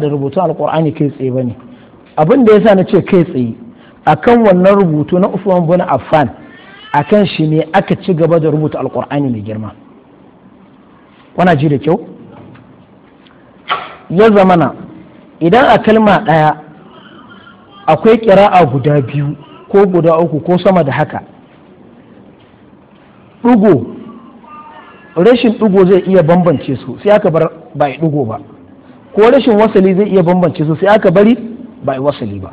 da rubutu alkur'ani kai tsaye ba ne abin da ya sa na ce kai tsaye akan wannan rubutu na Usman bin Affan akan shi ne aka ci gaba da rubuta alkur'ani mai girma wana ji da kyau ya zamana idan a kalma ɗaya akwai ƙira'a guda biyu ko guda uku ko sama da haka ɗugo rashin ɗugo zai iya bambance su sai aka bar ba ɗugo ba ko rashin wasali zai iya bambance su sai aka bari ba a wasali ba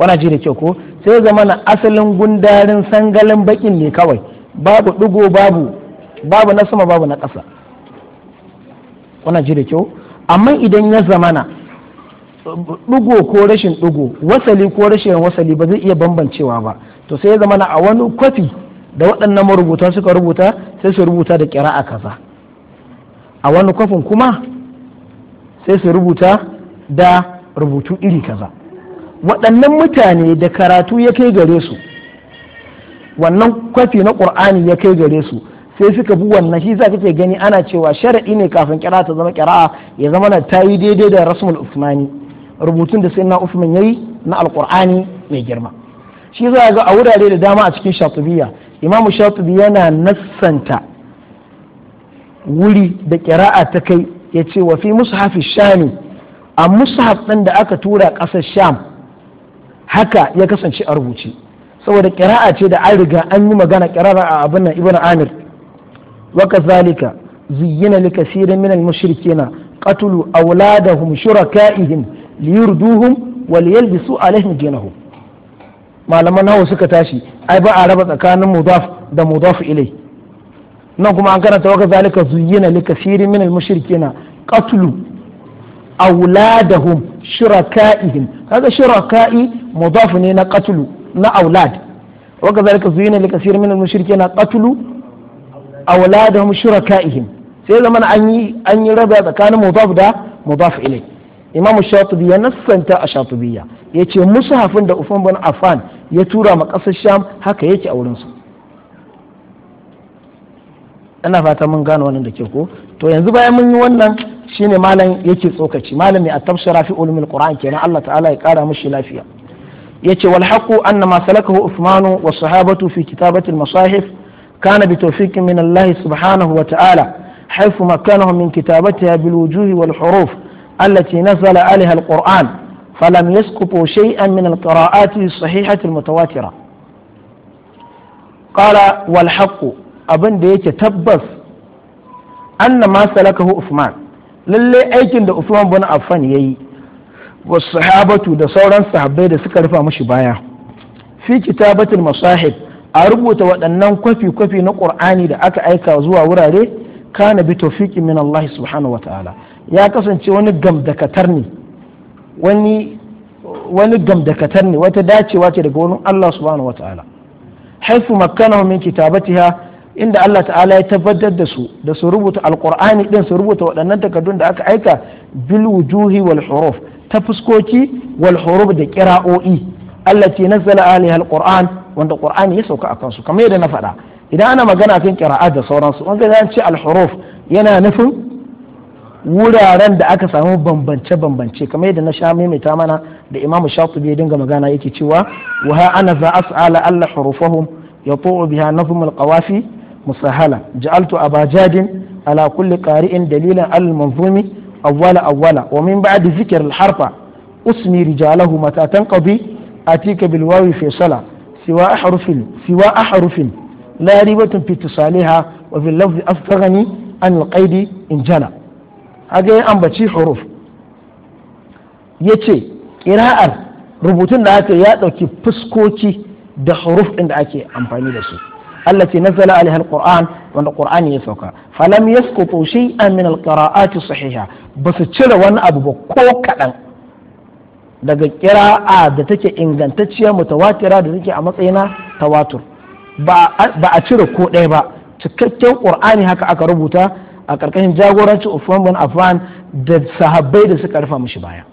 wana ji da kyau ko sai zama na asalin gundarin sangalin bakin ne kawai babu ɗigo babu babu na sama babu na ƙasa wana ji da kyau amma idan ya zamana ɗigo ko rashin ɗigo wasali ko rashin wasali ba zai iya bambancewa ba to sai ya zamana a wani kwafi da waɗannan marubuta suka rubuta sai su rubuta da a kaza a wani kwafin kuma sai su rubuta da rubutu iri kaza waɗannan mutane da karatu ya kai gare su wannan kwafi na ƙur'ani ya kai gare su sai suka bi wannan shi za kake gani ana cewa sharaɗi ne kafin kira ta zama kira'a ya zama na ta yi daidai da rasmul usmani rubutun da sai na usman yayi na alƙur'ani mai girma shi za ga a wurare da dama a cikin shatubiya imamu shatubi yana nassanta wuri da kira'a ta kai ya ce wa fi mushafi shami a mushaf ɗin da aka tura ƙasar sham haka ya kasance a rubuce saboda ƙira'a ce da an riga an yi magana ƙira'a a abin nan ibn amir wa kazalika zuyyina li kasirin min al-mushrikina qatlu awladahum shuraka'ihim liyurduhum wa liyalbisu alaihim dinahum malaman nawa suka tashi ai ba a raba tsakanin mudaf da mudaf ilai nan kuma an karanta wa kazalika zuyyina likasirin min al-mushrikina qatlu awladahum shuraka'ihim kaga shuraka'i mudaf ne na qatlu na aulad wa kazalika zuyyina likasirin min al-mushrikina qatlu awladahum shuraka'ihim sai zaman an yi an yi raba tsakanin mudaf da mudaf ilai imamu shatibi ya nassanta a shatibiyya yace mushafin da ufan bin affan ya tura ma kasar sham haka yake a wurin su ina fata mun gano wannan da ke ko to yanzu bayan mun yi wannan shine malam yake tsokaci malami a tafsira fi ulumul qur'an kenan Allah ta'ala ya kara mishi lafiya yace wal haqu anna ma salakahu usmanu wa sahabatu fi kitabati al masahif kana bi tawfiqin min Allah subhanahu wa ta'ala حيث مكنهم من كتابتها بالوجوه والحروف التي نزل عليها القرآن فلم يسقطوا شيئا من القراءات الصحيحة المتواترة قال والحق abin da yake tabbas anna ma salakahu Uthman lalle aikin da Uthman bin Affan yayi wa sahabatu da sauran sahabbai da suka rufa mashi baya fi kitabatul masahib a rubuta waɗannan kwafi-kwafi na qur'ani da aka aika zuwa wurare kana bi tawfiqi min Allah subhanahu wa ta'ala ya kasance wani gamdakatar ne wani wani gamdakatar ne wata dacewa ce daga wurin Allah subhanahu wa ta'ala haifu makkanahu min kitabatiha inda Allah ta'ala ya tabbatar da su da su rubuta alqur'ani din su rubuta waɗannan takardun da aka aika bil wujuhi wal huruf ta fuskoki wal huruf da qira'o'i allati nazzala alaiha alqur'an wanda qur'ani ya sauka akan su kamar yadda na faɗa idan ana magana kan qira'a da sauransu wanda zan ce al huruf yana nufin wuraren da aka samu bambance bambance kamar yadda na sha maimaita mana da imamu shatibi ya dinga magana yake cewa wa ha ana za as'ala alla hurufahum yatu'u biha na al musahala ja'altu abajadin ala kulli qari'in dalilin al manzumi awwala awwala wa min ba'di zikr al harfa usmi rijalahu mata tanqadi atika bil wawi fi sala siwa ahrufin siwa ahrufin la ribatun fi tisaliha wa fil lafzi afghani an al qaidi in jala haka ya ambaci huruf yace qira'ar rubutun da aka ya dauki fuskoki da huruf din da ake amfani da su allati nazala alaiha alquran wanda qur'ani ya sauka falam yasqutu shay'an min alqira'ati sahiha basu cire wani abu ba ko kadan daga ƙira'a da take ingantacciya mutawatira da take a matsayina tawatur ba a cire ko ɗaya ba cikakken qur'ani haka aka rubuta a ƙarƙashin jagorancin Uthman bin da sahabbai da suka rufe mashi baya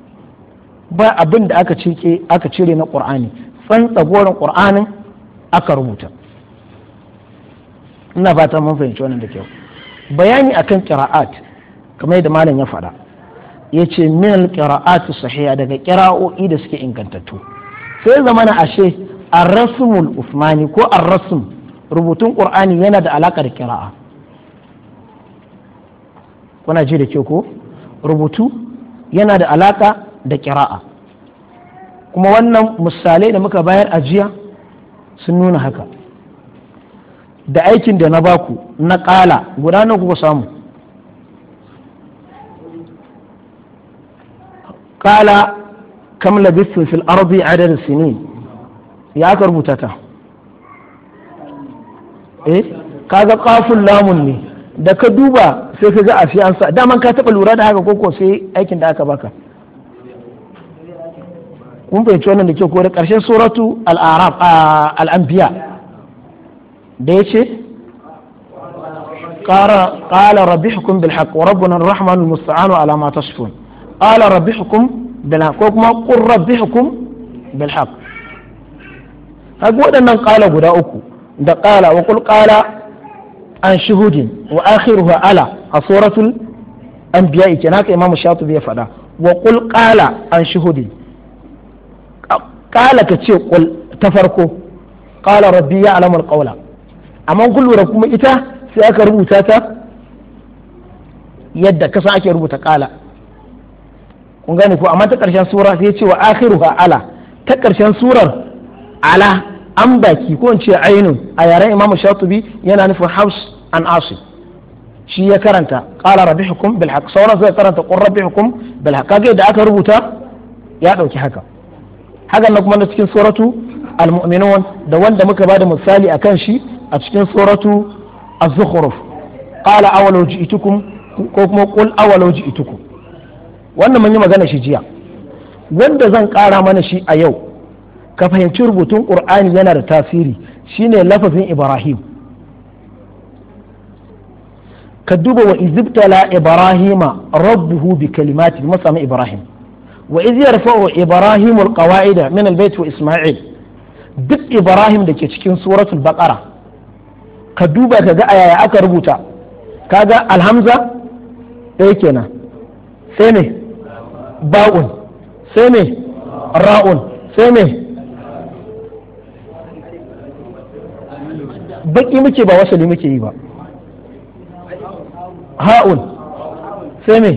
ba abin da aka cire na tsantsa tsantsagoran qur'anin aka rubuta ina fata mun fahimci wannan da kyau bayani akan qira'at kamar yadda malam ya faɗa yace min min qiraat sahiha daga qira'o'i da suke ingantattu sai zamana ashe ar-rasmul usmani ko ar-rasm rubutun qur'ani yana da alaka da qira'a kuna ji da kyau ko rubutu yana da alaka da qira'a kuma wannan misalai da muka bayar a jiya sun nuna haka da aikin da na baku na ƙala guda na kuka samu ƙala kam labithtum fil ardi adad Sini ya aka rubuta ta eh kaga qaful lamun ne da ka duba sai ka ga a an sa daman ka taba lura da haka koko sai aikin da aka baka kun fahimci wannan da ke kore karshen suratu al-araf da ya ce qala rabbihukum bil haqq wa rabbuna rahman rahmanul musta'anu ala ma tasifun qala rabbihukum bil haqq ko kuma qur rabbihukum bil haqq kaga waɗannan ƙala guda uku da ƙala wa qul qala an shuhudin wa akhiruhu ala a suratul anbiya kenan haka imamu shatibi ya faɗa wa qul ƙala an shuhudin ƙala ka ce qul ta farko qala rabbi ya alamul qawla amma kun lura kuma ita sai aka rubuta ta yadda kasa ake rubuta kala kun gane ko amma ta karshen sura sai ce wa ha ala ta karshen surar ala an baki ko ce ainun a yaren imamu shatubi yana nufin haus an asu shi ya karanta qala rabbihukum bil haqq sauran sai karanta qur hukum bil haqq kage da aka rubuta ya dauki haka hakan na kuma na cikin suratu al-mu'minun da wanda muka bada misali akan shi a cikin suratu az-zukhruf qala awalau ji'tukum ko kuma qul awalau ji'tukum wannan mun yi magana shi jiya wanda zan ƙara mana shi a yau ka fahimci rubutun qur'ani yana da tasiri shine lafazin ibrahim ka duba wa izibtala ibrahima rabbuhu bi kalimati masama ibrahim wa iz yarfa'u ibrahimul qawaida min albayt wa isma'il duk ibrahim da ke cikin suratul baqara ka duba ka ga ayaya yaya aka rubuta kaga alhamza ɗaya eh kenan sai ne ba'un sai ne ra'un sai ne baki muke ba wasali muke yi ba ha'un sai ne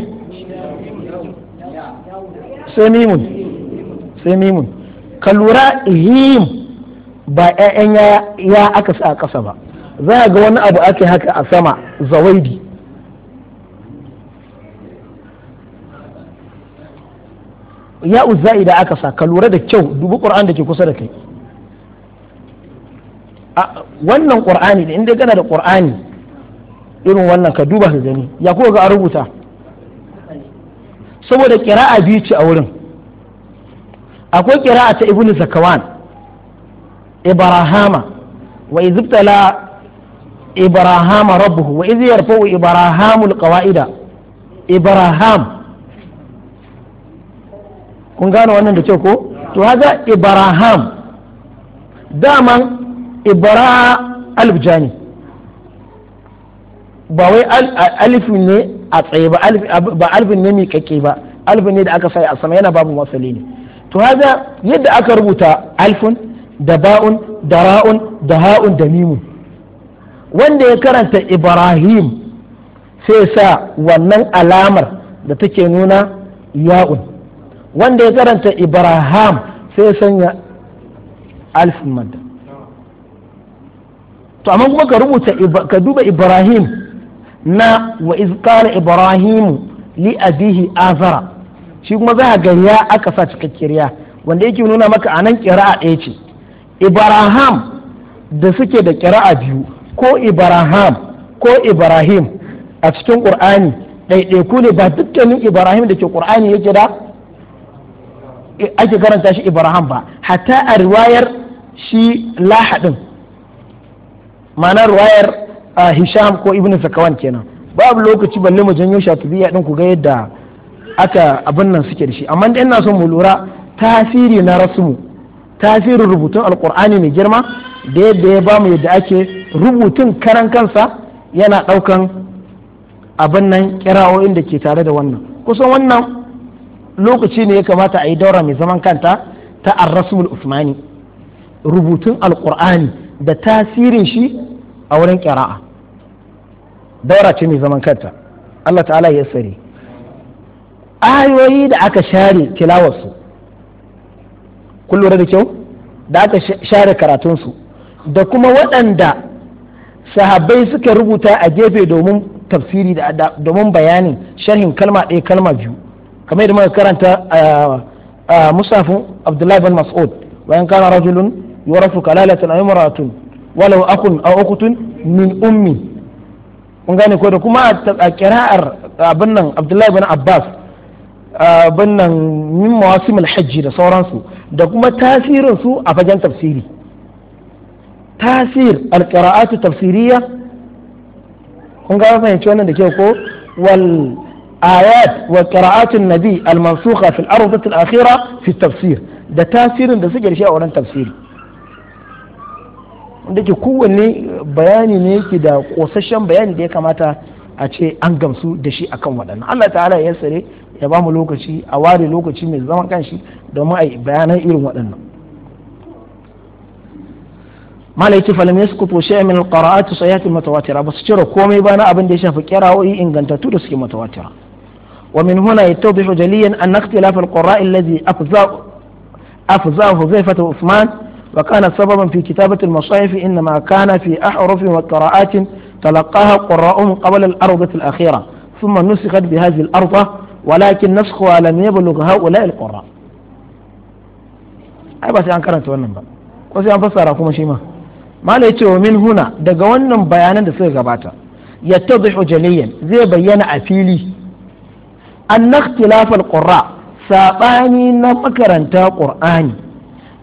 sai mimun sai mimun ka lura him ba 'ya'yan ya aka sa a ƙasa ba za ga wani abu ake haka a sama zawaidi ya uzza'i da aka sa ka lura da kyau dubi qur'an da ke kusa da kai wannan qur'ani da inda gana da qur'ani irin wannan ka duba ka gani ya kuwa ga a rubuta saboda kira'a biyu ce a wurin akwai a ta Ibn zakawan ibrahama wa izibtala ibrahim ربه wa يرفع yarfa'u ibrahimul qawaida kun gano wannan da ce ko to haka ibrahim daman ibra jani ba wai alifin ne a tsaye ba alifin ne kake ba alifin ne da aka sai a sama yana babu wasali ne to haka yadda aka rubuta alifin da ba'un da ra'un da ha'un da mimun wanda ya karanta ibrahim sai sa wannan alamar da take nuna ya'un wanda ya karanta ibrahim sai sanya alfin manta to amma kuma ka rubuta ka duba ibrahim na wa qala ibrahim li abihi azara shi kuma za ga ya aka sa cikakkiyar wanda yake nuna maka anan kira'a ɗaya ce ibrahim da suke da kira'a biyu ko ibrahim ko ibrahim a cikin qur'ani ɗaiɗaiku ne ba dukkanin ibrahim da ke qur'ani yake da ake karanta shi ibrahim ba hatta a riwayar shi lahadin mana riwayar hisham ko ibn sakawan kenan babu lokaci balle mu janyo shatubiya din ku ga yadda aka abin nan suke da shi amma da ina son mu lura tasiri na rasmu tasirin rubutun alkur'ani mai girma da yadda ya ba mu yadda ake rubutun karan kansa yana ɗaukan abin nan kira'o'in da ke tare da wannan kusan wannan lokaci ne ya kamata a yi daura mai zaman kanta ta arrasul usmani rubutun alkur'ani da tasirin shi a wurin kira'a daura ce mai zaman kanta Allah ta'ala ya sare ayoyi da aka share tilawarsu kun da kyau da aka share karatunsu da kuma waɗanda sahabbai suka rubuta a gefe domin tafsiri da domin bayanin sharhin kalma ɗaya kalma biyu kamar yadda muka karanta a musafin abdullahi bin mas'ud bayan kana rajulun yurafu kalalatan ay imra'atun walau akun aw Okutun, min ummi mun gane ko da kuma a kira'ar abin nan abdullahi bin abbas abin nan min mawasimul Hajji da sauransu da kuma tasirin su a fagen tafsiri tasir alƙira'atu tafsiriya kun ga fahimci wannan da ke ko wal ayat wa qira'atun nabi al mansukha fil ardat al akhira fi tafsir da tasirin da suke da a wurin tafsiri wanda ke kowanne bayani ne yake da kosasshen bayani da ya kamata a ce an gamsu da shi akan waɗannan Allah ta'ala ya tsare ya ba mu lokaci a ware lokaci mai zaman kanshi domin ai bayanan irin waɗannan malai ce falam yasqutu shay'a min alqira'ati sahihatin mutawatira ba su cire komai ba na abin da ya shafi qira'o'i ingantattu da suke mutawatira wa min huna yattadihu jaliyan an ikhtilaf alqira'i alladhi afza afza Huzaifah wa Uthman وكان سببا في كتابة المصاحف إنما كان في أحرف وقراءات تلقاها قراءهم قبل الأرضة الأخيرة ثم نسخت بهذه الأرضة ولكن نسخها لم يبلغ هؤلاء القراء أي بس أن كانت wannan ba ko sai an fassara kuma shi ma malai ce wa min huna daga wannan bayanan da suka gabata yattadhu jaliyan zai bayyana a fili an ikhtilafal ƙura, sabani na makaranta qur'ani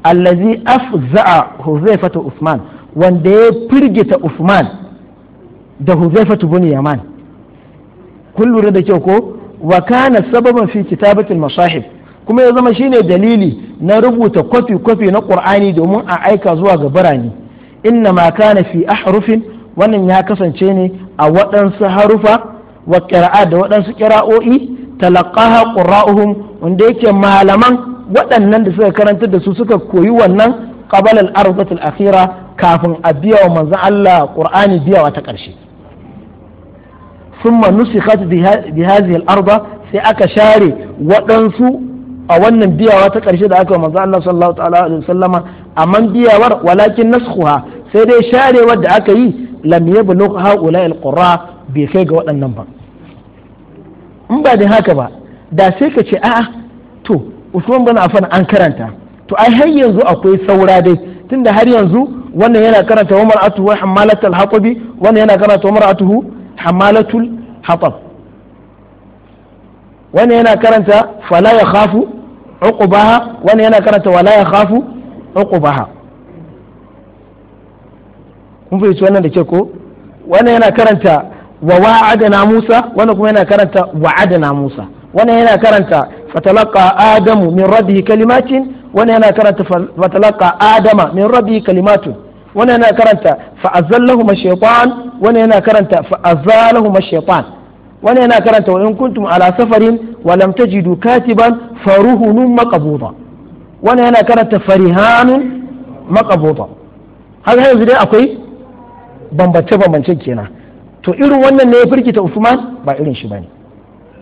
allazi afza'a huzaifatu usman wanda ya firgita usman da huzaifatu bin yaman kullu da kyau ko wa kana sababan fi kitabatil masahib kuma ya zama shine dalili na rubuta kwafi kwafi na qur'ani domin a aika zuwa ga birane inna ma kana fi wannan ya kasance ne a waɗansu harufa wa ƙira'a da waɗansu ƙira'o'i talaqaha qura'uhum wanda yake malaman waɗannan da suka karantar da su suka koyi wannan qabala al-arbatul akhira kafin a biya wa manzon Allah Qur'ani biyawa ta ƙarshe thumma nusikhat bi hadhihi al-arba sai aka share waɗansu a wannan biyawa ta ƙarshe da aka yi manzo Allah sallallahu alaihi wasallama amma biyawar walakin naskhuha sai dai sharewar da aka yi lam yablugh haula alqura bai kai ga waɗannan ba in ba da haka ba da sai ka ce a'a to Usman bin Affan an karanta to ai har yanzu akwai saura dai tunda har yanzu wannan yana karanta wa mar'atuhu hamalatul haqabi wannan yana karanta wa mar'atuhu hamalatul haqab wani yana karanta fala ya khafu uqubaha wani yana karanta wala ya khafu uqubaha kun fahimci wannan da ke ko wani yana karanta wa wa'adana Musa wani kuma yana karanta wa'adana Musa wani yana karanta fatalaqa adamu min rabbihi kalimatin wani yana karanta fatalaqa adama min rabbihi kalimatun wani yana karanta azallahu mashaytan wani yana karanta fa'azzalahuma mashaytan wani yana karanta wa in kuntum ala safarin wa lam tajidu katiban faruhunun maqbuda wani yana karanta farihanun maqbuda har yanzu dai akwai bambance bambance kenan to irin wannan ne ya firkita Usman ba irin shi bane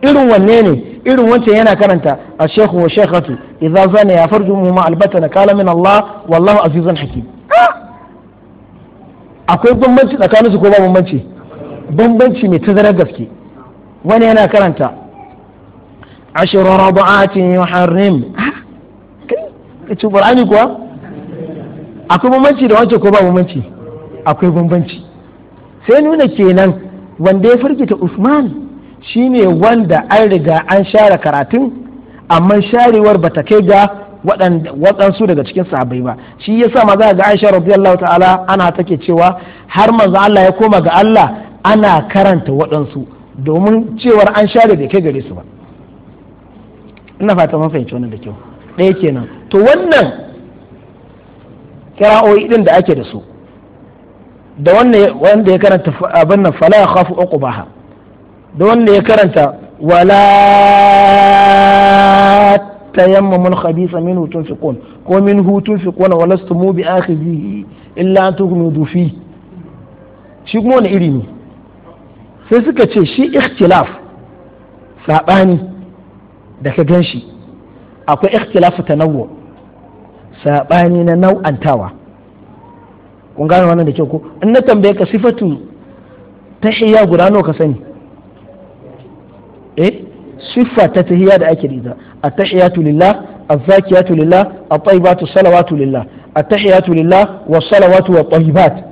irin wanne ne irin wancan yana karanta a shekhu wa shekhatu idza zana ya farju mu ma albatana kala min Allah wallahu azizun hakim akwai bambanci tsakaninsu ko ba bambanci bambanci mai tazarar gaske wani yana karanta ashirin rabu'atin yuharrim ka ci qur'ani kuwa akwai bambanci da wancan ko ba bambanci akwai bambanci sai nuna kenan wanda ya firgita usman shine wanda an riga an share karatun amma sharewar ta kai ga waɗansu daga cikin sahabbai ba shi ya sa maza ga Aisha radiyallahu ta'ala ana take cewa har manzo Allah ya koma ga Allah ana karanta waɗansu domin cewar an share bai kai gare su ba ina fata mun fahimci wannan da kyau ɗaya kenan to wannan kira'o'i din da ake da su da wanda ya karanta abin nan fala khafu uqbaha da wanda ya karanta wala tayammamul min hutun tunfiqun ko min hutun minhu tunfiquna walastumu bi akhidhihi illa an tughmidu fi shi kuma wani iri ne sai suka ce shi ikhtilaf saɓani da ka gan shi akwai ikhtilafu tanawwu saɓani na nau'antawa kun gane wannan da kyau ko in na tambaye ka sifatu hiya guda nawa ka sani eh siffa ta tahiya da ake rida at-tahiyatu lillah az-zakiyatu lillah at-tayyibatu salawatu lillah at-tahiyatu lillah was-salawatu wat-tayyibat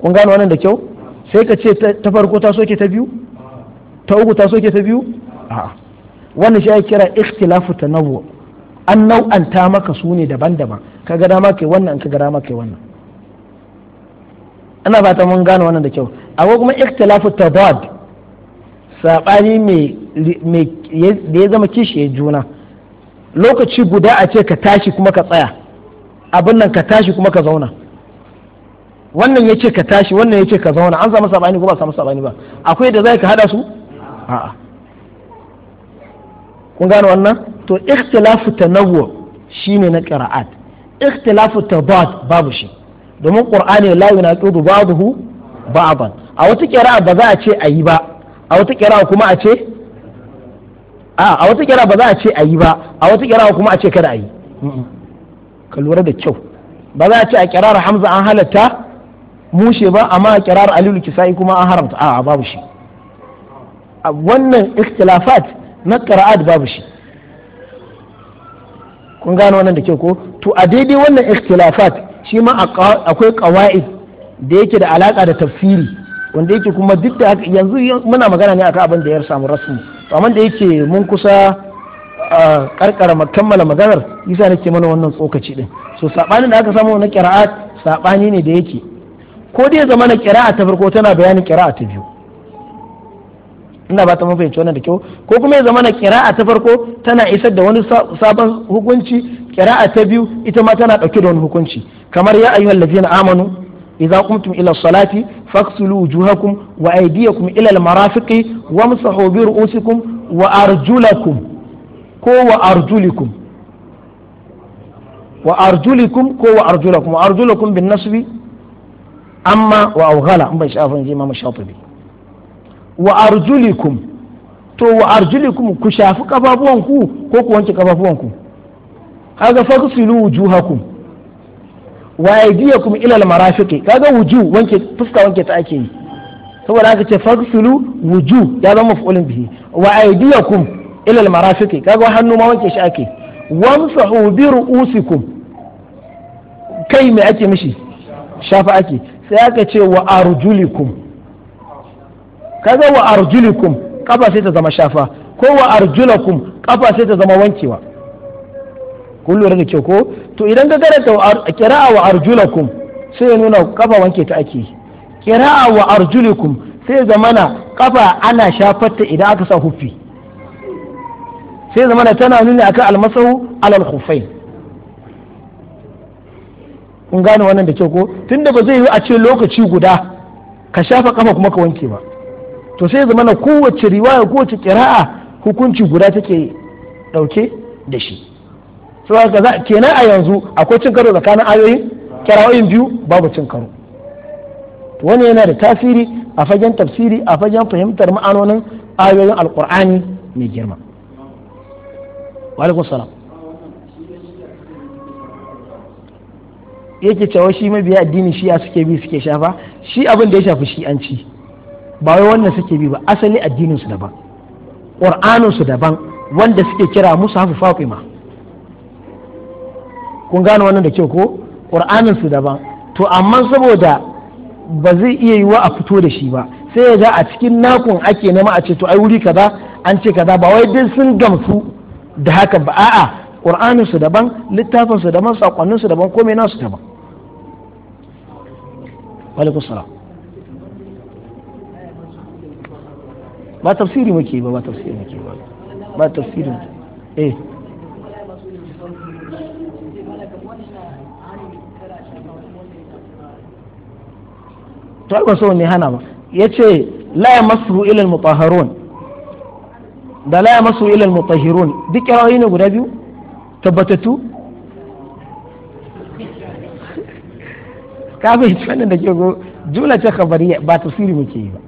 kun gane wannan da kyau sai ka ce ta farko ta soke ta biyu ta uku ta soke ta biyu a'a wannan shi ya kira ikhtilafu tanawwu an nau'anta maka su ne daban-daban ka ga dama kai wannan ka ga dama kai wannan ana fata mun gane wannan da kyau akwai kuma ikhtilafu tadad sabani mai da ya zama kishi ya juna lokaci guda a ce ka tashi kuma ka tsaya abin nan ka tashi kuma ka zauna wannan yake ka tashi wannan yake ka zauna an samu sabani ko ba samu sabani ba akwai da zai ka hada su a'a kun gane wannan to ikhtilafu tanawwu shine na qira'at ikhtilafu tadad babu shi domin qur'ani la yunaqidu ba'dahu ba'dan a wata qira'a ba za a ce ayi ba a wata qira'a kuma a ce a a wata qira'a ba za a ce ayi ba a wata qira'a kuma a ce kada ayi ka lura da kyau ba za a ce a qira'ar hamza an halatta mushe ba amma a kirar alil kisa'i kuma an haramta a babu shi wannan ikhtilafat na qira'at babu shi kun gano wannan da ke ko to a daidai wannan ikhtilafat shi ma akwai qawaid da yake da alaka da tafsiri wanda yake kuma duk da haka yanzu muna magana ne akan abin da ya samu rasmi to amma da yake mun kusa karkara kammala maganar yasa nake mana wannan tsokaci din so sabanin da aka samu na qira'at sabani ne da yake ko dai zama na kira'a ta farko tana bayanin kira'a ta biyu ina ba ta mafi yanci wannan da kyau ko kuma ya zama na kira'a ta farko tana isar da wani sabon hukunci kira'a ta biyu ita ma tana dauke da wani hukunci kamar ya ayyuhal ladzina amanu idza qumtum ila salati faghsilu wujuhakum wa aydiyakum ila almarafiqi wamsahu bi ru'usikum wa arjulakum ko wa arjulikum wa arjulikum ko wa arjulakum wa arjulakum bin nasbi amma wa awghala in ban shafin ji imam shafi'i wa arjulikum to wa arjulikum ku shafi kafafuwan ku ko ku wanke kafafuwan ku kaga faghsilu wujuhakum wa aydiyakum ila al-marafiqi kaga wuju wanke fuska wanke ta ake yi saboda aka ce faghsilu wuju ya zama maf'ulun bihi wa aydiyakum ila al-marafiqi kaga hannu ma wanke shi ake wamsahu bi ru'usikum kai me ake mishi shafa ake sai aka ce wa arjulikum kaga wa arjulikum kafa sai ta zama shafa ko wa arjulakum kafa sai ta zama wankewa kun lura da kyau ko to idan ka karanta kira'a wa arjulakum sai ya nuna kafa wanke ta ake kira'a wa arjulikum sai ya zama na kafa ana shafarta idan aka sa huffi sai ya zama na tana nuni akan almasahu alal khuffain kun gane wannan da kyau ko tunda ba zai yi a ce lokaci guda ka shafa kafa kuma ka wanke ba to sai zama na kowace riwaya kowace kira'a hukunci guda take dauke da shi so za kenan a yanzu akwai cin karo tsakanin ayoyin kira'oyin biyu babu cin karo wani yana da tasiri a fagen tafsiri a fagen fahimtar ma'anonin ayoyin alkur'ani mai girma wa alaikum salam yake cewa shi mabiya addini shi'a suke bi suke shafa shi abin da ya shafi shi an ci ba wai wannan suke bi ba asali addinin su daban qur'anin su daban wanda suke kira musu hafi fatima kun gane wannan da kyau ko qur'anin su daban to amma saboda ba zai iya yiwa a fito da shi ba sai ya ga a cikin nakun ake nema a ce to ai wuri kaza an ce kaza ba wai duk sun gamsu da haka ba a'a qur'anin su daban littafin su daban sakonnin daban komai nasu daban alaikum salam ba tafsiri muke ba ba tafsiri muke ba ba tafsiri eh to ai ba so ne hana ba yace la yamassu ila al-mutahharun da la yamassu ila al duk kirawoyi ne guda biyu tabbatattu ka fahimci wannan da ke go jumla ce khabariya ba tafsiri muke yi ba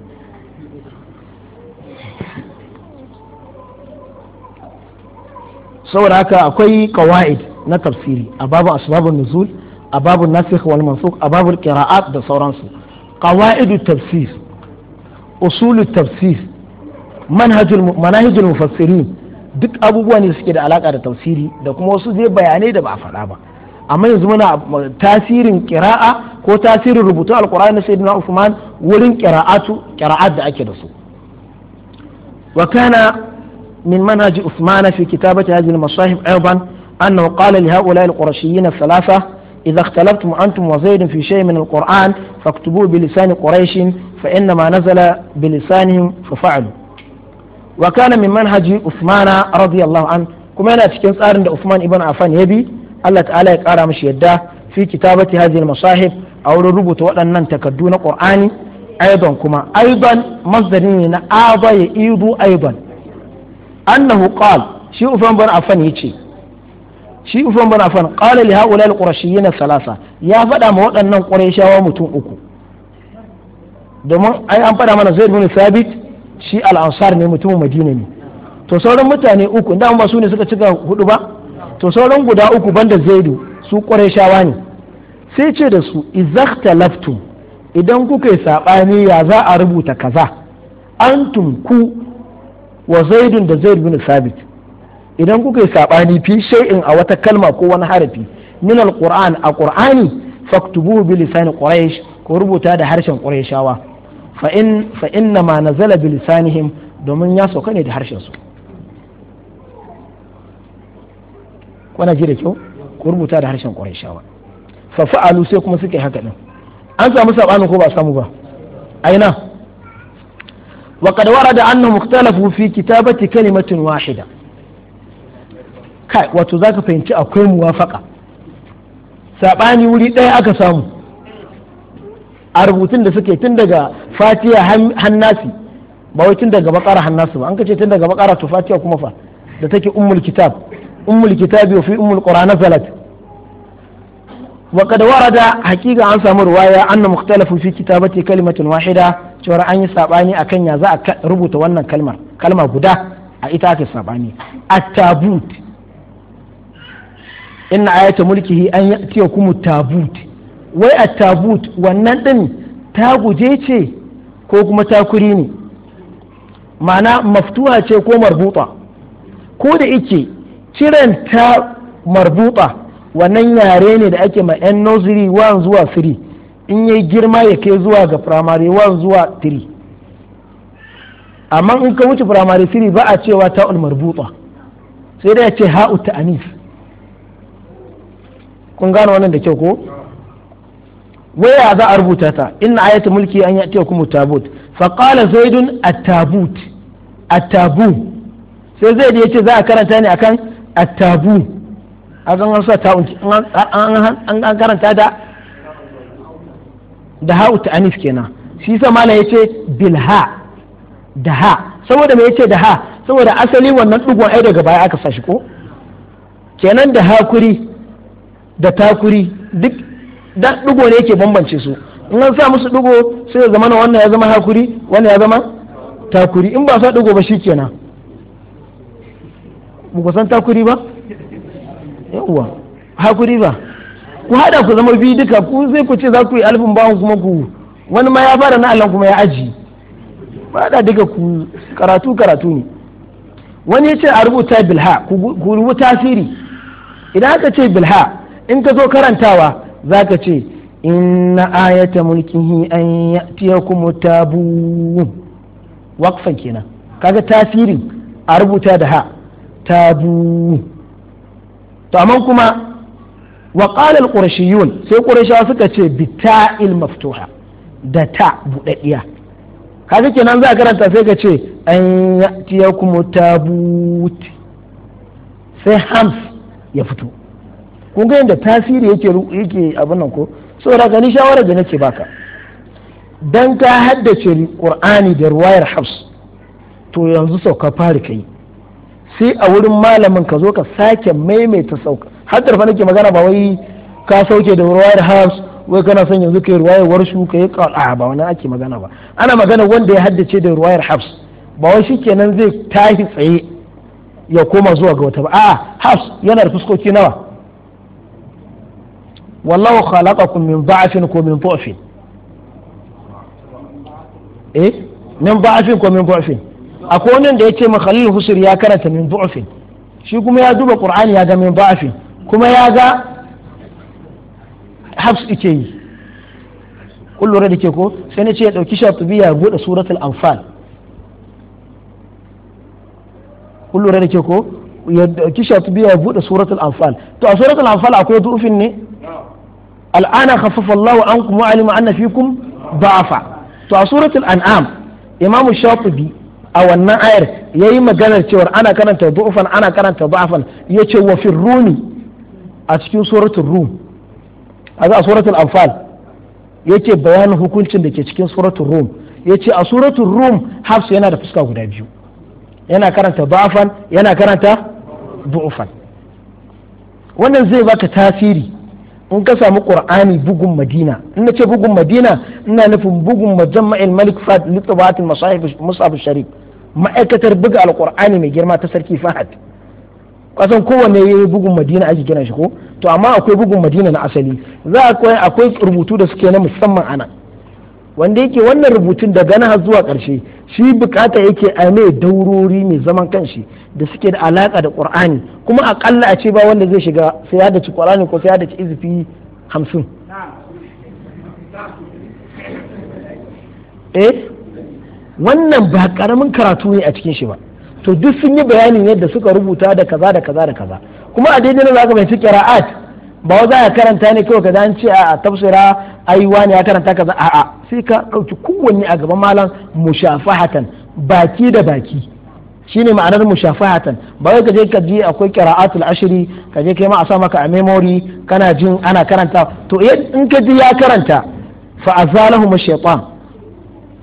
saboda haka akwai qawaid na tafsiri a babu asbabun nuzul a babu nasikh wal mansukh a babu qira'at da sauransu qawaid tafsir usul tafsir manhajul manahijul mufassirin duk abubuwa ne suke da alaka da tafsiri da kuma wasu zai bayanai da ba a faɗa ba amma yanzu muna tasirin kira'a ko tasirin rubuta alkura na sayyidina Uthman wurin kira'atu da ake da su wa min manhaji Uthman fi kitabati hadhihi al-masahib ayban annahu qala li ha'ula'i al-qurashiyyin ath-thalatha idha antum wa zaid fi shay'in min al-qur'an faktubu bi lisan quraish fa inna ma nazala bi lisanihim fa wakana min manhaji Uthman radiyallahu an kuma yana cikin tsarin da usman ibn Affan ya bi Allah ta'ala ya kara mishi yadda fi kitabati hadhihi al-masahib a wurin rubuta waɗannan takaddu na Qur'ani aidan kuma aidan masdari ne na aba ya idu aidan annahu qal shi ufan bin Affan yace shi ufan bin Affan qala li haula al-qurashiyyin salasa ya faɗa ma waɗannan Qurayshawa mutum uku domin ai an faɗa mana Zaid bin Thabit shi al-Ansar ne mutumin Madina ne to sauran mutane uku da ba su ne suka ci cika hudu ba to sauran guda uku banda zaidu su shawa ne sai ce da su izakta izaktalaftum idan kuka yi saɓani ya za a rubuta kaza antum ku wa zaidun da zaid bin sabit idan kuka yi saɓani fi shay'in a wata kalma ko wani harafi min alquran a qur'ani faktubu bi lisan quraish ko rubuta da harshen qurayshawa fa in fa inna ma nazala bi lisanihim domin ya sauka ne da harshen su kuna ji da kyau ku rubuta da harshen ƙurayshawa fa fa'alu sai kuma suke haka din an samu sabanin ko ba samu ba aina wa qad warada annahum mukhtalafu fi kitabati kalimatin wahida kai wato zaka fahimci akwai muwafaka sabani wuri ɗaya aka samu a rubutun da suke tun daga fatiya hannasi ba wai tun daga bakara hannasi ba an kace tun daga bakara to fatiya kuma fa da take ummul kitab أم الكتاب وفي أم القرآن نزلت وقد ورد حقيقة عن سام رواية أن مختلف في كتابة كلمة واحدة شورا أن يسابعني أكن يزا ربط وانا كلمة كلمة بدا أئتاك السابعني التابوت إن آية ملكه أن يأتيكم التابوت وي التابوت وانا wannan ɗin ta guje ce ko kuma takuri ne ma'ana maftuha ce ko marbuta ko da ike ciren ta marbuta wannan yare ne da ake ma yan nursery 1 zuwa 3 in yi girma ya kai zuwa ga primary 1 zuwa 3 amma in ka wuce primary 3 ba a cewa ta'ul marbuta sai dai a ce ha'u ta'anis kun gano wannan da kyau ko waya za a rubuta ta inna ayatu mulki an yati kuma tabut fa qala zaidun at-tabut at-tabu sai zaid yace za a karanta ne akan attabu an a sa ta an karanta da da ha'u ta anif kenan shi sa malam yace bilha da ha saboda me yace da ha saboda asali wannan dugon ai daga baya aka sashi ko kenan da hakuri da takuri duk dan dugo ne yake bambance su in an sa musu dugo sai ya zama wannan ya zama hakuri wannan ya zama takuri in ba sa dugo ba kenan. mu ku san takuri ba yawwa hakuri ba ku hada ku zama biyu duka ku sai ku ce za ku yi alfin bawon kuma ku wani ma ya fara na Allah kuma ya aji ba da duka ku karatu karatu ne wani ya ce a rubuta bilha ku rubuta tasiri idan aka ce bilha in ka zo karantawa za ka ce inna ayata mulkihi an kuma tabu wakfan kenan kaga tasirin a rubuta da ha tabu to amma kuma wa qala al-qurashiyun sai qurashawa suka ce bi ta'il maftuha da ta budaddiya kaga kenan za a karanta sai ka ce an ya'tiyakum tabut sai hams ya fito kun ga yadda tasiri yake yake abin nan ko saboda gani shawarar da nake baka dan ka haddace qur'ani da ruwayar hafs to yanzu sauka fara kai sai a wurin malamin ka zo ka sake maimaita sauka haddar fa nake magana ba wai ka sauke da ruwayar hafs wai kana son yanzu kai ruwayar warshu ka yi a ba wani ake magana ba ana magana wanda ya haddace da ruwayar hafs ba wai shi kenan zai tashi tsaye ya koma zuwa ga wata ba a'a hafs yana da fuskoki nawa wallahu khalaqakum min da'afin ko min du'afin eh min da'afin ko min du'afin akwai wannan da ya ce makhalil husur ya karanta min du'ufin shi kuma ya duba qur'ani ya ga min du'ufin kuma ya ga hafs ike yi kun da ke ko sai na ce ya dauki shatubiya ya bude suratul anfal kun da ke ko ya dauki shatubiya ya bude suratul anfal to a suratul anfal akwai du'ufin ne al'ana khaffafa Allahu ankum wa alima anna fikum da'afa to a suratul an'am imamu shatubi a wannan ayar ya yi maganar cewar ana karanta du'ufan ana karanta du'afan ce wa rumi a cikin suratun rum a suratun amfal ya ce bayanin hukuncin da ke cikin suratun rum ya ce a suratun rum hafsu yana da fuska guda biyu yana karanta du'afan yana karanta du'ufan wannan zai baka tasiri in ka samu qur'ani bugun madina in na ce bugun madina ina nufin bugun majamma'il malik fad li masahib mus'ab sharif ma'aikatar buga alkur'ani mai girma ta sarki fahad kasan kowane ya yi bugun madina ake gina shi ko to amma akwai bugun madina na asali za a koya akwai rubutu da suke na musamman ana wanda yake wannan rubutun daga na zuwa karshe shi bukata yake a mai daurori mai zaman kanshi da suke da alaka da qur'ani kuma akalla a ce ba wanda zai shiga sai ya dace qur'ani ko sai ya dace izifi hamsin eh wannan ba karamin karatu ne a cikin shi ba to duk sun yi bayanin yadda suka rubuta da kaza da kaza da kaza kuma a daidai na za ka bayanci qira'at ba wa za ka karanta ne kawai kaza an ce a tafsira ai ne ya karanta kaza a a sai ka dauki kowanne a gaban malam mushafahatan baki da baki shine ma'anar mushafahatan ba wai ka je ka ji akwai qira'atul ashri ka je kai ma a sa maka a memory kana jin ana karanta to in ka ji ya karanta fa azalahu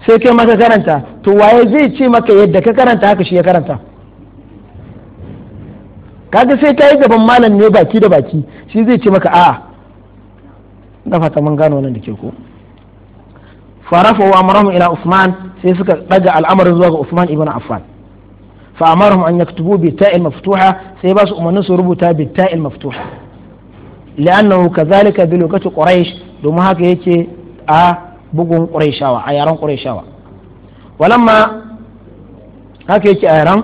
sai kai maka karanta to waye zai ce maka yadda ka karanta haka shi ya karanta kaga sai ka gaban malam ne baki da baki shi zai ce maka a na fata mun gano nan da ke ko farafa wa amrahum ila usman sai suka daga al'amarin zuwa ga usman ibn affan fa amarahum an yaktubu bi ta'il maftuha sai ba su umarnin su rubuta bi ta'il maftuha li'annahu kazalika bi lokaci quraish domin haka yake a بقوم ƙurayshawa وعيران yaran ولما walamma haka yake a yaran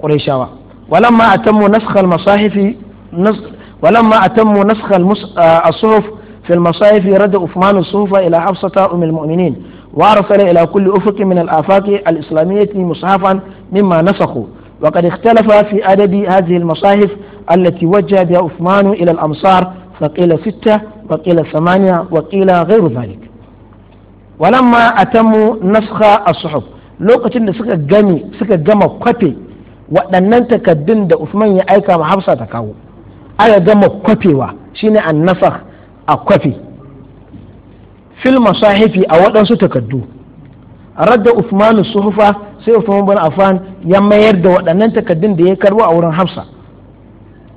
ƙurayshawa walamma atammu nasakh ولما أتموا نسخ آه، الصحف في المصاحف رد عثمان الصحف إلى حفصة أم المؤمنين وأرسل إلى كل أفق من الآفاق الإسلامية مصحفا مما نسخوا وقد اختلف في عدد هذه المصاحف التي وجه بها عثمان إلى الأمصار فقيل ستة وقيل ثمانية وقيل غير ذلك ma walamma atammu naskha a suhuf lokacin da suka gama kwafe waɗannan takaddun da Usman ya aika wa Hafsa ta kawo aka gama kwafewa shine annasakh a kwafi fil masahifi a waɗansu takaddu radda Usman suhufa sai Usman bin Affan ya mayar da waɗannan takardun da ya karbo a wurin Hafsa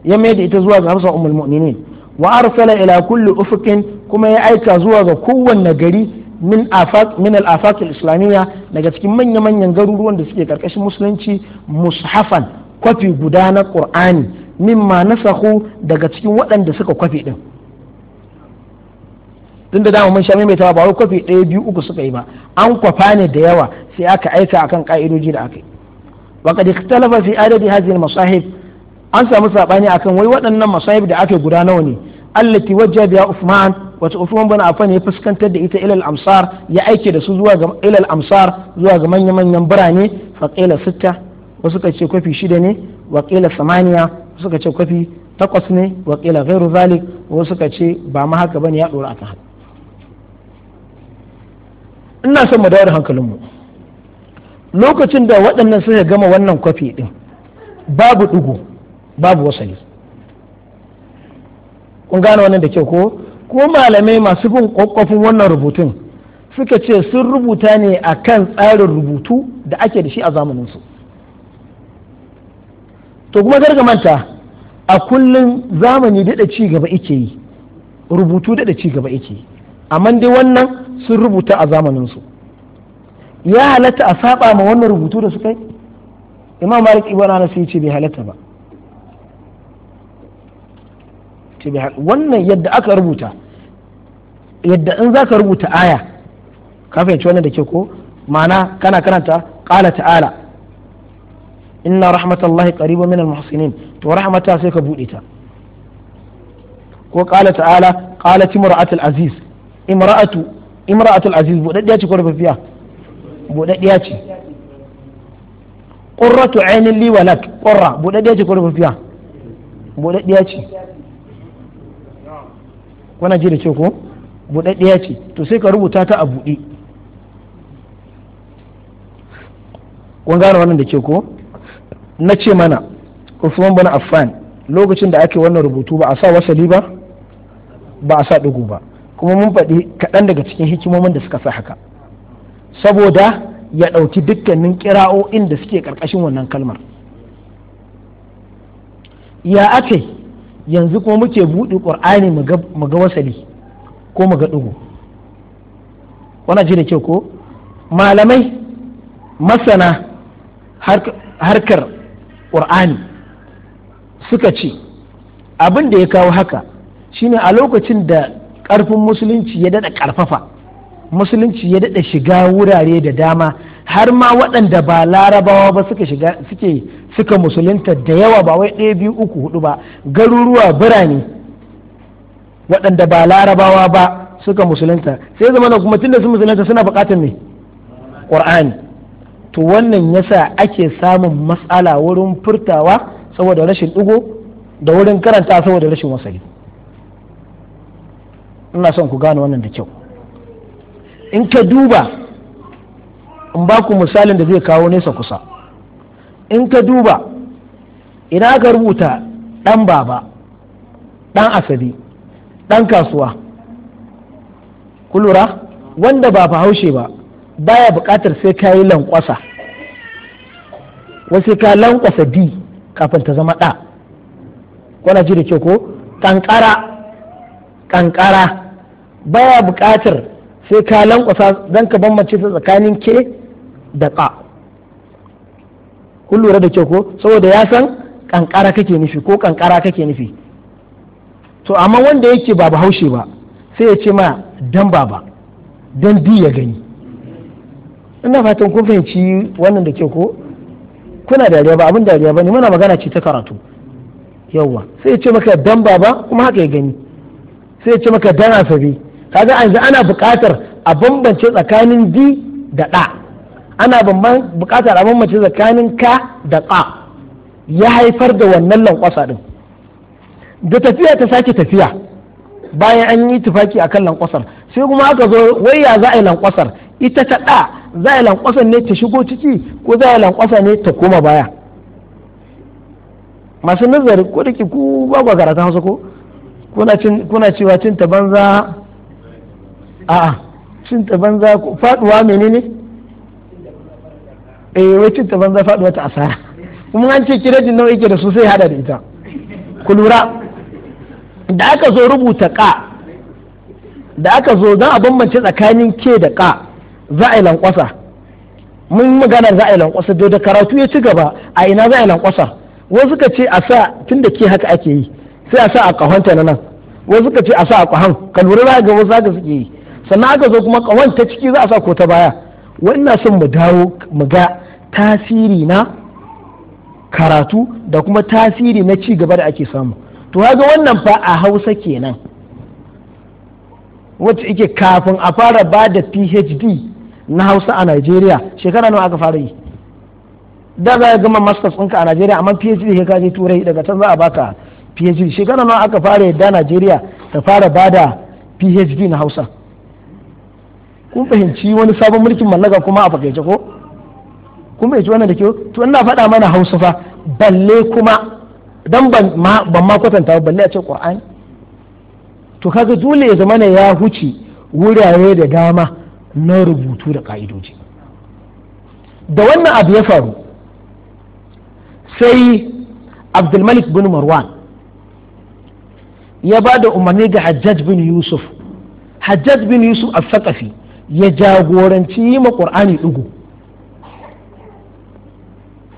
ya mayar da ita zuwa ga Hafsa ummul mu'minin wa ila kulli ufkin kuma ya aika zuwa ga kowanne gari min afaq min al-afaq islamiyya daga cikin manya-manyan garuruwan da suke karkashin musulunci mushafan kwafi guda na qur'ani mimma nasahu daga cikin waɗanda suka kwafi din tun da dama mun sha mai ba wai kwafi ɗaya biyu uku suka yi ba an kwafa ne da yawa sai aka aika akan ka'idoji da aka yi wa kad ikhtalafa fi adadi hadhihi al-masahib an samu sabani akan wai waɗannan masahib da aka guda nawa ne allati wajja biya Uthman wato Uthman bin Affan ya fuskantar da ita ilal amsar ya aike da su zuwa ga ilal amsar zuwa ga manya manyan birane fa qila sitta wasu ka ce kofi shida ne wa qila samaniya wasu ka ce kofi takwas ne wa qila ghairu zalik wasu ka ce ba ma haka bane ya dora akan haka ina son mu dawo da hankalinmu lokacin da waɗannan suka gama wannan kwafi ɗin babu ɗugu babu wasali kun gane wannan da kyau ko ko malamai masu bin kwakwafin wannan rubutun suka ce sun rubuta ne a kan tsarin rubutu da ake da shi a zamaninsu to kuma manta a kullum zamani daɗa ci gaba ike yi rubutu daɗa ci gaba ike yi amma dai wannan sun rubuta a zamaninsu ya halatta a saba ma wannan rubutu da suka yi imam malik ibn anas ya ce bai halatta ba wannan yadda aka rubuta yadda in zaka rubuta aya ka fahimci wannan da ke ko ma'ana kana karanta qala ta'ala inna rahmatallahi qaribu min al-muhsinin to rahmata sai ka bude ta ko qala ta'ala qalat imra'atul aziz imra'atu imra'atul aziz budaddiya ce ko rufaffiya budaddiya ce qurratu aynin li walak qurra budaddiya ce ko rufaffiya budaddiya ce kuna ji da ce ko buɗaɗɗiya ce to sai ka rubuta ta a buɗe kun gane wannan da ke ko na ce mana Usman bin Affan lokacin da ake wannan rubutu ba a sa wasali ba ba a sa ɗugu ba kuma mun faɗi kaɗan daga cikin hikimomin da suka sa haka saboda ya ɗauki dukkanin kira'o'in da suke ƙarƙashin wannan kalmar ya ake yanzu kuma muke buɗe ƙur'ani mu ga wasali ko mu ga ɗugu wana ji da kyau ko malamai masana harkar ƙur'ani suka ce abin da ya kawo haka shine a lokacin da ƙarfin musulunci ya daɗa ƙarfafa musulunci ya daɗa shiga wurare da dama har ma waɗanda ba larabawa ba suka shiga suke suka musulunta da yawa ba wai ɗaya biyu uku hudu ba garuruwa birane waɗanda ba larabawa ba suka musulunta sai zama da kuma tunda su musulunta suna buƙatar me qur'ani to wannan yasa ake samun matsala wurin furtawa saboda rashin ɗigo da wurin karanta saboda rashin wasali ina son ku gane wannan da kyau in ka duba in ba ku misalin da zai kawo nesa kusa in ka duba ina ka rubuta ɗan baba ɗan asali ɗan kasuwa kulura wanda ba haushe ba baya buƙatar sai ka yi lankwasa wasu ka lankwasa di kafin ta zama ɗa kwana ji da ke ko ƙanƙara ƙanƙara baya buƙatar sai ka lankwasa don ka bambance ta tsakanin ke da ƙa kun lura da kyau ko saboda ya san ƙanƙara kake nufi ko ƙanƙara kake nufi to amma wanda yake ba haushe ba sai ya ce ma dan baba dan bi ya gani ina fatan kun fahimci wannan da kyau ko kuna dariya ba abin dariya ba ne muna magana ce ta karatu yawwa sai ya ce maka dan baba kuma haka ya gani sai ya ce maka dan asabi kaga yanzu ana buƙatar a bambance tsakanin bi da ɗa ana bamban bukatar abin mace tsakanin ka da ka ya haifar da wannan lankwasa ɗin da tafiya ta sake tafiya bayan an yi tufaki akan lankwasar sai kuma aka zo wai ya za a yi lankwasar ita ta ɗa za a yi lankwasar ne ta shigo ciki ko za a yi lankwasa ne ta koma baya masu nazari ko da ku ba karatun hausa ko kuna cewa cin banza a cin ta banza faduwa menene eh wai cin ta banza faɗi wata asara kuma an ce kirajin nawa yake da su sai hada da ita ku lura da aka zo rubuta ka da aka zo don a bambance tsakanin ke da ka za a yi lankwasa mun magana za a yi lankwasa da da karatu ya ci gaba a ina za a yi lankwasa wasu ka ce a sa tun da ke haka ake yi sai a sa a kahonta na nan wasu ka ce a sa a kahon ka lura za ga wasu haka suke yi sannan aka zo kuma kahon ta ciki za a sa ko ta baya wannan son mu dawo mu ga tasiri na karatu da kuma tasiri na ci gaba da ake samu to haka wannan fa a hausa kenan wacce ike kafin a fara ba da phd na hausa a nigeria shekara nawa aka fara yi da za ka gama masters ɗinka a nigeria amma phd ka je turai daga can za a baka phd shekara nawa aka fara yadda nigeria ta fara ba da phd na hausa kun fahimci wani sabon mulkin mallaka kuma a fakaice ko kuma ya ji wannan da kyau to ina faɗa mana hausa fa balle kuma dan ban ma ban ma kwatanta balle a ce qur'ani to kaga dole ya zama ya huce wurare da dama na rubutu da ka'idoji da wannan abu ya faru sai abdulmalik bin marwan ya ba da umarni ga hajjaj bin yusuf hajjaj bin yusuf a ya jagoranci yi ma ƙur'ani ɗugu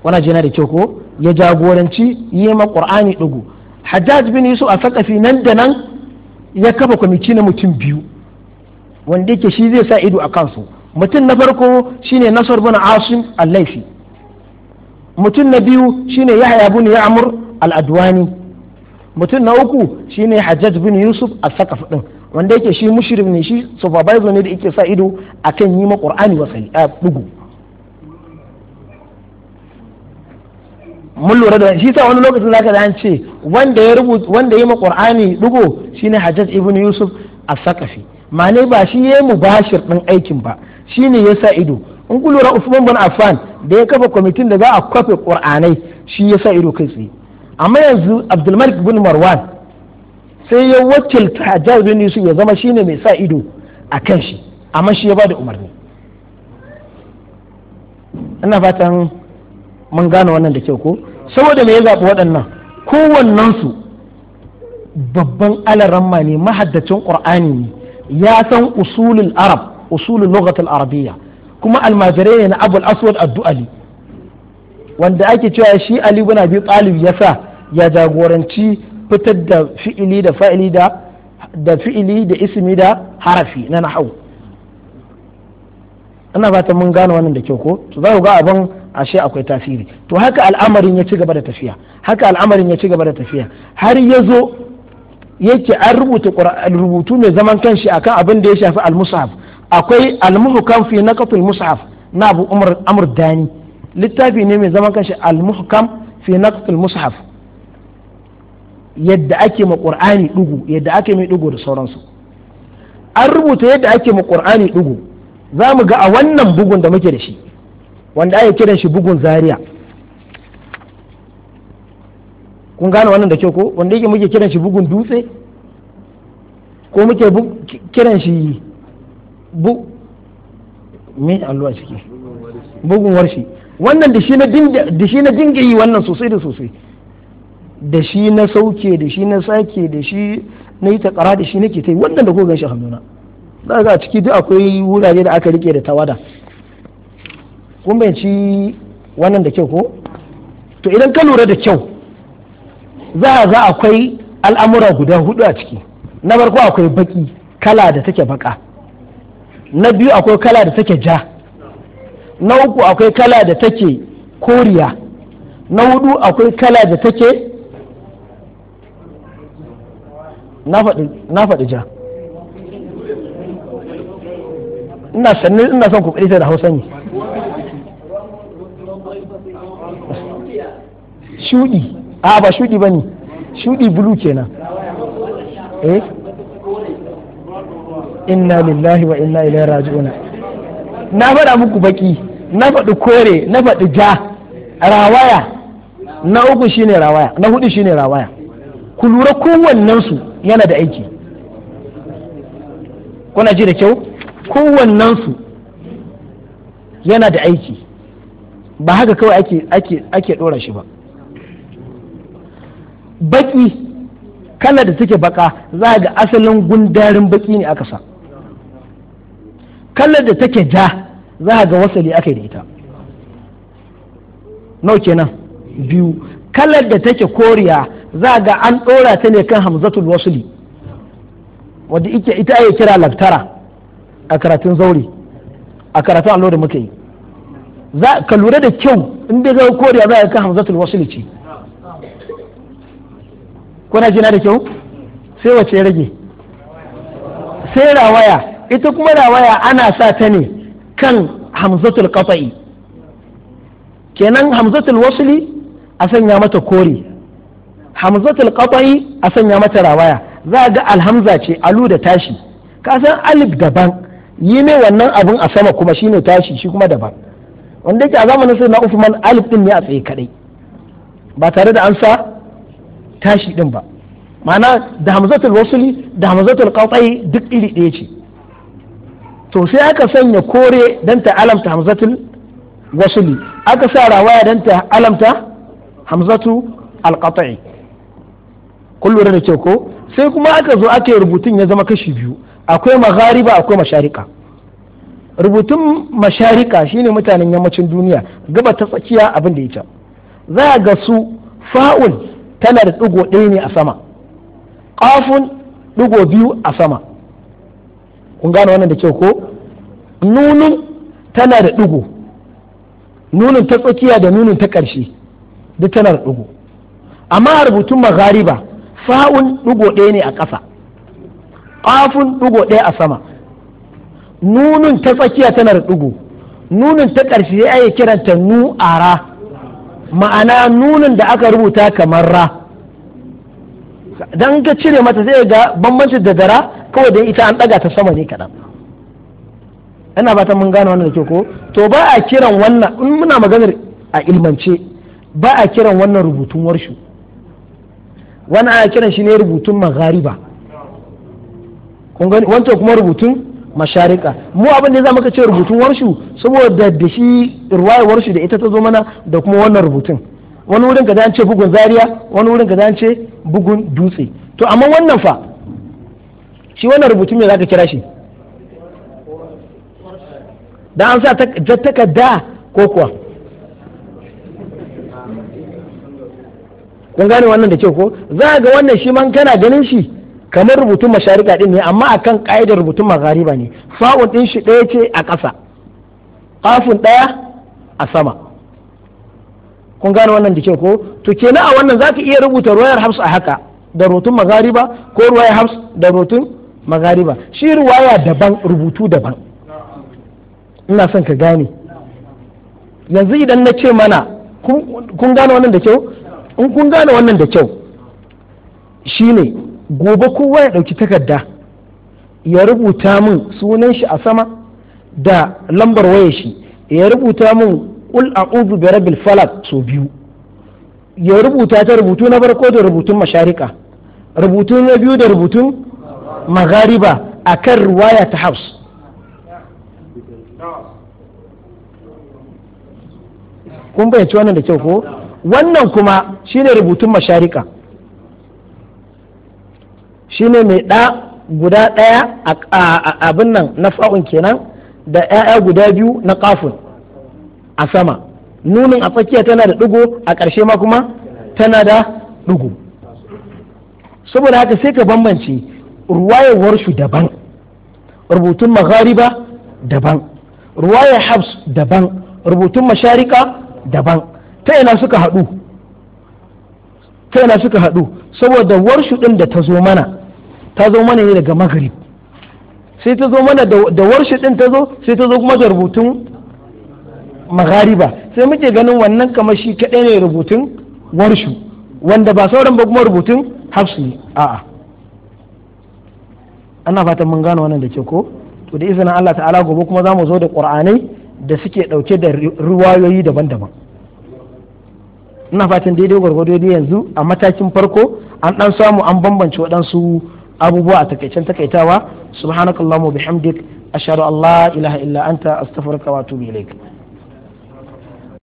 wana jina da kyau ko ya jagoranci yi ma qur'ani dugu hajjaj bin yusuf a sakafi nan da nan ya kafa kwamiti na mutum biyu wanda yake shi zai sa ido a kansu mutum na farko shine nasar bin asim al-laifi mutum na biyu shine yahya bin ya'mur al-adwani mutum na uku shine hajjaj bin yusuf a sakafi din wanda yake shi mushirin ne shi supervisor ne da yake sa ido akan yi ma ƙur'ani wasali a ɗugu. mun lura da shi sa wani lokacin zaka da an ce wanda ya rubuta wanda ya ma qur'ani dugo shine hajjaj ibn yusuf as-saqafi mane ba shi ya yi mu bashir ɗin aikin ba shine ya sa ido in ku lura usman bin affan da ya kafa kwamitin da za a kwafe qur'anai shi ya sa ido kai tsaye amma yanzu abdulmalik bin marwan sai ya wakilta hajjaj bin yusuf ya zama shine mai sa ido a kan shi amma shi ya ba da umarni ina fatan mun gane wannan da kyau ko saboda me ya zaɓi waɗannan kowannensu babban alaramma ne mahaddacin ƙur'ani ne ya san usulul arab usulul lughatul arabiyya kuma almajirai ne na abul aswad addu'ali wanda ake cewa shi ali bin abi talib ya sa ya jagoranci fitar da fi'ili da fa'ili da da fi'ili da ismi da harafi na nahau ina fata mun gane wannan da kyau ko to za ku ga abin ashe akwai tasiri to haka al'amarin ya ci gaba da tafiya haka al'amarin ya ci gaba da tafiya har ya zo yake an rubuta rubutu mai zaman kanshi akan abin da ya shafi al-mushaf akwai al-muhkam fi naqatul mushaf na Abu Umar Amr Dani littafi ne mai zaman kanshi al-muhkam fi naqatul mushaf yadda ake ma Qur'ani dugu yadda ake mai dugu da sauransu an rubuta yadda ake ma Qur'ani dugu za mu ga a wannan bugun da muke da shi wanda ake kiran shi bugun zaria kun gane wannan da kyau ko wanda yake muke kiran shi bugun dutse ko muke kiran shi bu me alluwa ciki bugun warshi wannan da shi na dinga yi wannan sosai da sosai da shi na sauke da shi na sake da shi na yi takara da shi nake ta yi wannan da ko gan shi hannuna za a ciki duk akwai wurare da aka rike da tawada kun bayanci wannan da kyau ko to idan ka lura da kyau za a za akwai al'amura guda hudu a ciki na farko akwai baki kala da take baka na biyu akwai kala da take ja na uku akwai kala da take koriya na hudu akwai kala da take na faɗi ja ina sannin ina son ku da hausa ne shudi a ba shudi ne shudi bulu kenan eh inna lillahi wa inna ilaihi raji'un na faɗa muku baki na faɗi kore na faɗi ja rawaya na uku shine rawaya na hudu shine rawaya ku lura kowannensu yana da aiki kuna ji da kyau kowannensu yana da aiki ba haka kawai ake ake ake dora shi ba baki kalar da take baka za ga asalin gundarin baki ne aka sa kalar da take ja za ga wasali aka yi da ita nau kenan biyu kalar da take koriya za ga an ɗora ta ne kan hamzatul wasuli wadda ita ayi kira laftara a karatun zauri a karatun allo da muka yi ka lura da kyau in dai ga koriya za ga kan hamzatul wasuli ce kuna jina da kyau sai wace rage sai rawaya ita kuma rawaya ana sa ta ne kan hamzatul qata'i kenan hamzatul wasli a sanya mata kore hamzatul qata'i a sanya mata rawaya za ga alhamza ce alu da tashi ka san alif daban yi ne wannan abun a sama kuma shine tashi shi kuma daban wanda yake a zamanin sai na Uthman alif din ne a tsaye kadai ba tare da an sa tashi din ba ma'ana da hamzatul wasuli da hamzatul qat'i duk iri ɗaya ce to sai aka sanya kore dan ta alamta hamzatul wasuli aka sa rawaya dan ta alamta hamzatu alqat'i kullu da kyau ko sai kuma aka zo aka rubutun ya zama kashi biyu akwai maghariba akwai masharika rubutun masharika shine mutanen yammacin duniya gaba ta tsakiya abin da ya ca za a ga su fa'ul tana da ɗigo ɗaya ne a sama ƙafun ɗigo biyu a sama kun gane wannan da kyau ko nunun tana da ɗigo nunun ta tsakiya da nunun ta ƙarshe duk tana da ɗigo amma a rubutun maghariba fa'un ɗigo ɗaya ne a ƙasa ƙafun ɗigo ɗaya a sama nunun ta tsakiya tana da ɗigo nunun ta ƙarshe ya yi kiranta nu'ara ma'ana nunin da aka rubuta kamar ra don ka cire mata zai ga bambancin da dara kawai da ita an daga ta sama ne kaɗan ina ba ta mun gane wannan da ke ko to ba a kiran wannan in muna maganar a ilmance ba a kiran wannan rubutun warshu wannan a kiran shi ne rubutun maghariba wancan kuma rubutun masharika mu abin da za muka ce rubutun warshu saboda da shi ruwayar warshu da ita ta zo mana da kuma wannan rubutun wani wurin ka an ce bugun zaria wani wurin ka an ce bugun dutse to amma wannan fa shi wannan rubutun me zaka kira shi da an sa takarda ko kuwa kun gane wannan da ke ko za ga wannan shi man kana ganin shi kamar rubutun masharika din ne amma kan ƙa'idar rubutun maghariba ne fa'un din shi ɗaya ce a ƙasa ƙafin ɗaya a sama kun gane wannan da kyau ko to kenan a wannan zaka iya rubuta royal hafs a haka da rubutun maghariba ko royal hafs da rubutun maghariba shi ruwaya daban rubutu daban ina son ka gane yanzu idan na ce mana kun gane wannan da kyau in kun gane wannan da kyau shine gobe kowa ya ɗauki takarda ya rubuta min sunan shi a sama da lambar wayar shi ya rubuta min a a da rabin falak so biyu ya rubuta ta rubutu na farko da rubutun masharika rubutu na biyu da rubutun magariba kan ruwaya ta haus. kun ci wannan da kyau ko wannan kuma shine rubutun masharika Shi ne mai ɗa guda ɗaya a abin nan na fa'un kenan da 'ya'ya guda biyu na kafin a sama nunin a tsakiya tana da ɗigo a ƙarshe ma kuma tana da ɗigo saboda haka sai ka bambance ruwayewar warshu daban rubutun maghariba daban ruwayar habs daban rubutun masharika daban ta ina suka haɗu ta ina suka haɗu saboda warshu ɗin da ta zo mana ta zo mana ne daga maghrib sai ta zo mana da warshe din ta zo sai ta zo kuma da rubutun maghariba sai muke ganin wannan kamar shi kaɗai ne rubutun warshu wanda ba sauran ba kuma rubutun hafsu ne a'a ana fatan mun gane wannan da ke ko to da izinin Allah ta'ala gobe kuma zamu zo da qur'anai da suke ɗauke da ruwayoyi daban-daban ina fatan daidai gwargwado yanzu a matakin farko an dan samu an bambance waɗansu abubuwa a takaicen takaitawa subhanakallahumma bihamdik ashhadu an la ilaha illa anta astaghfiruka wa atubu ilaik